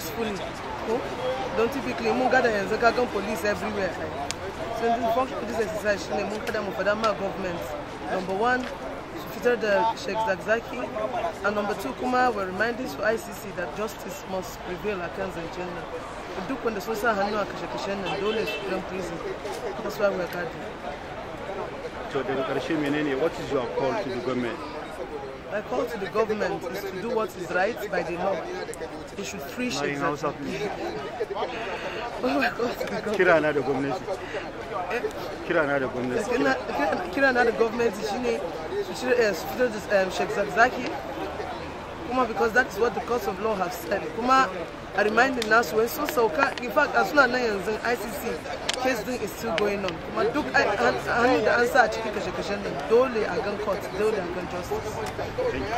peacefully ko don typically mun gada yanzu kagan police everywhere so in yanzu function this exercise shine mun kada mu fada ma government number one su fitar da sheikh zagzaki and number two kuma we reminding to icc that justice must prevail against zancen nan duk wanda sun sa hannu a no kashen and dole su dan prison that's why we are guarding to daga karshe menene what is your call to the government My call to the government is to do what is right by the law. They should free Sheikh no, Kira na da gwamnati. Kira na da gwamnati. Kira na da gwamnati shine fitar da Sheikh Zakzaki kuma because that is what the courts of law have said kuma a reminding nasu so so can in fact a suna nan yanzu icc case din is still going on kuma duk an da an sa a cikin kashe-kashen dole a gan court dole a gan justice